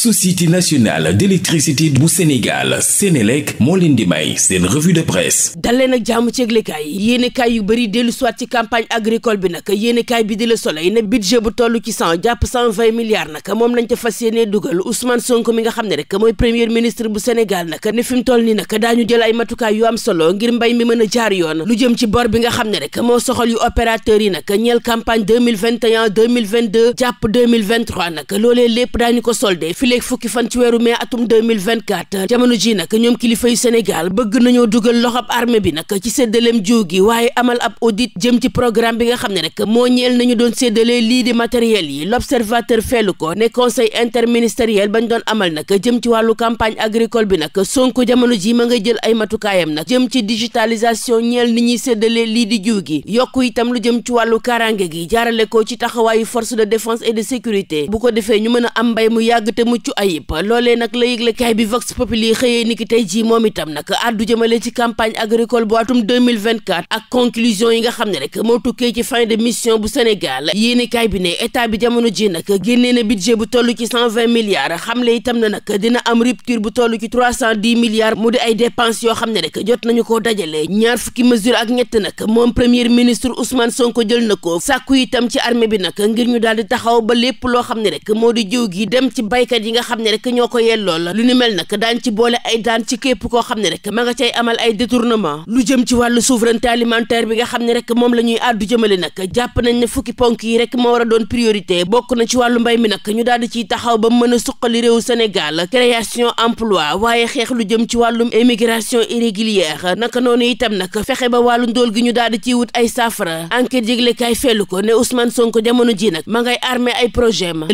société nationale d'électricité bu Sénégal Sénélec moo leen di may seen revue de presse daleen ak jàmm ci yëglekaay yu bëri dellu soit ci campagne agricole bi nag yéenekaay bi di Le Soleil ne budget bu toll ci cent jàpp cent vingt milliards nag moom lañ ca fas yéenee dugal Ousmane Sonko mi nga xam ne rek mooy premier ministre bu Sénégal nag ne fi mu toll nii nag daañu jël ay matukaay yu am solo ngir mbay mi mën a jaar yoon lu jëm ci bor bi nga xam ne rek moo soxal yu yi nag ñeel campagne 2021 2022 jàpp 2023 nag loolee lépp daañu ko fileeg fukki fan ci weeru mai atum 2024 jamono ji nag ñoom kilifa yu Sénégal bëgg nañoo dugal loxab armée bi nag ci séddaleem jiw gi waaye amal ab audit jëm ci programme bi nga xam ne rek moo ñeel nañu doon séddalee lii di matériel yi l'observateur fellu ko ne conseil interministériel bañ doon amal nag jëm ci wàllu campagne agricole bi nag Sonko jamono ji ma nga jël ay matukaayam nag jëm ci digitalisation ñeel ni ñuy séddalee lii di jiw gi yokku itam lu jëm ci wàllu kaaraange gi jaarale ko ci taxawaayu force de défense et sécurité bu ko defee ñu mën am mucc ayib loolee nag la yëglekaay bi Vox Populi xëyee niki tey jii moom itam nag addu jëmale ci campagne agricole bu atum 2024 ak conclusion yi nga xam ne rek moo tukkee ci fin de mission bu Sénégal yéenekaay bi ne état bi jamono ji nag génnee na budget bu toll ci 120 milliards xamle itam na nag dina am rupture bu toll ci milliards mu di ay dépenses yoo xam ne rek jot nañu koo dajale ñaar fukki mesure ak ñett nag moom premier ministre Ousmane Sonko jël na ko sàkku itam ci armée bi nag ngir ñu daal di taxaw ba lépp loo xam ne rek yi nga xam ne rek ñoo ko yellool lu ni mel nag daan ci boole ay daan ci képp koo xam ne rek ma nga cay amal ay détournement lu jëm ci wàllu souveraineté alimentaire bi nga xam ne rek moom la ñuy àddu jëmale nag jàpp nañ ne fukki ponk yi rek moo war a doon priorité bokk na ci wàllu mbay mi nag ñu daal di ciy taxaw ba mën a suqali réewu Sénégal création emploi waaye xeex lu jëm ci wàllum immigration irrégulière naka noonu itam nag fexe ba wàllu ndóol gi ñu daal di ciy wut ay saafara enquête yëglekaay fellu ko ne Ousmane Sonko jamono ji nag ma ngay armé ay projet ma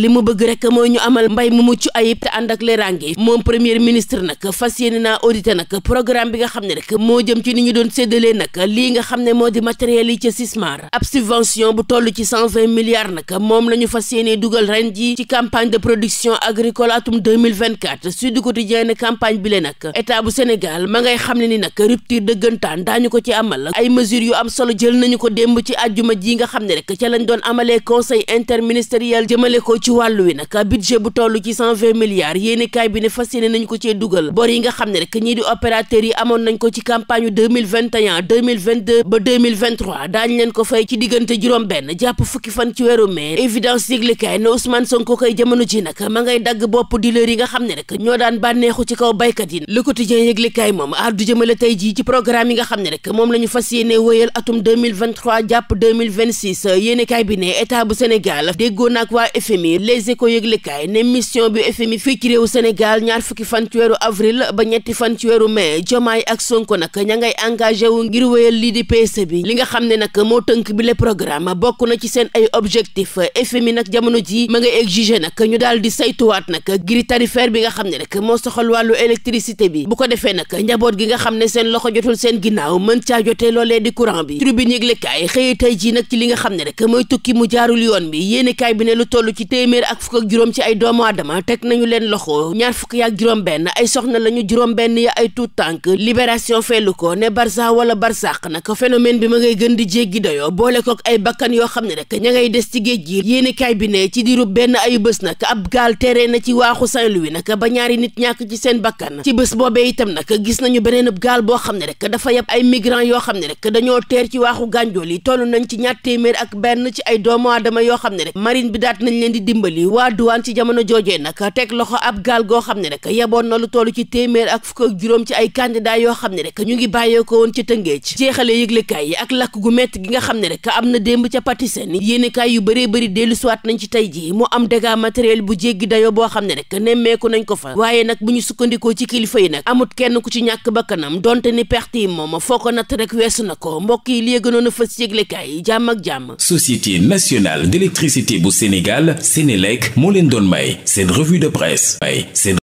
mucc ayib te ànd ak leeraange moom premier ministre nag fas naa audité nag programme bi nga xam ne rek moo jëm ci ni ñu doon séddalee nag lii nga xam ne moo di matériel yi ca Sismar ab subvention bu toll ci milliards nag moom la ñu fas yéene dugal ren ji ci campagne de production agricole atum deux mille vingt quatre Sud Quotidien ne campagne bi le nag état bu Sénégal ma ngay xam ne ni nag rupture dëggantaan daañu ko ci amal ay mesures yu am solo jël nañu ko démb xam ne rek ca lañ doon vingt milliards yéeni kaay fas yéene nañu ko cee dugal bor yi nga xam ne rek ñii di opérateurs yi amoon nañ ko ci campagne ba 2023 leen ko fay ci diggante juróom benn jàpp fukki fan ci weeru mai évidence yëglikaay ne Ousmane Sonko koy jamono ci nag ma ngay dagg bopp dealer yi nga xam ne rek ñoo daan bànneexu ci kaw baykat yi Le Quotidien yëglikaay moom addu jëmale tey jii ci programme yi nga xam ne rek moom la fas yéene wéyal atum jàpp 2026 FMI fii ci réew Sénégal ñaar fukki fan ci weeru avril ba ñetti fan ci weeru mai Diomaye ak Sonko nag ña ngay engagé wu ngir wéyal lii di PSE bi li nga xam ne nag moo tënk bi le programme bokk na ci seen ay objectif FMI nag jamono ji ma nga exiger nag ñu daal di saytuwaat nag giri tarifaire bi nga xam ne nag moo soxal wàllu électricité bi bu ko defee nag njaboot gi nga xam ne seen loxo jotul seen ginnaaw mën caa jotee loolee di courant bi tribune yëglekaay xëy tey jii nag ci li nga xam ne rek mooy tukki mu jaarul yoon bi yéenekaay lu toll ci téeméer ak fukk ak juróom ay doomu aadama teg nañu leen loxo ñaar fukk yaak juróom-benn ay soxna lañu juróom-benn ya ay tuut tànk libération felu ko ne barsa wala barsàq nag phénomène bi ma ngay gën di jéggi doyo boole kook ay bakkan yoo xam ne rek ña ngay des ci géej gi yéenekaay bi ne ci diiru benn ayu bés nag ab gaal tere na ci waaxu Saint-Louis nag ba ñaari nit ñàkk ci seen bakkan ci bés boobee itam nag gis nañu beneen ab boo xam ne rek dafa yab ay migrants yoo xam ne rek dañoo teer ci waaxu gànjool yi toll nañ ci ñaar téeméer ak benn ci ay doomu aadama yoo xam ne rek marine bi daat nañ leen di dimbali waa duwaan ci jamono joojee nag nag teg loxo ab gaal goo xam ne rek yeboon na lu toll ci téeméer ak fukk ak juróom ci ay candidat yoo xam ne rek ñu ngi bàyyeekoo woon ci tëngeej jeexale yëglekaay yi ak lakk gu metti gi nga xam ne rek am na démb ca patisen yéenekaay yu bëree bëri dellu siwaat nañ ci tey jii mu am dégâts matériel bu jéggi dayo boo xam ne rek nemmeeku nañ ko fa waaye nag bu ñu sukkandikoo ci kilifa yi nag amut kenn ku ci ñàkk bakkanam donte ni perte yi moom foo ko natt rek weesu na ko mbokk yi li gënoon a fës yëglekaay yi jàmm ak jàmm société nationale d'électricité bu Sénégal Sénélec moo leen doon may revue de presse. Waaye seen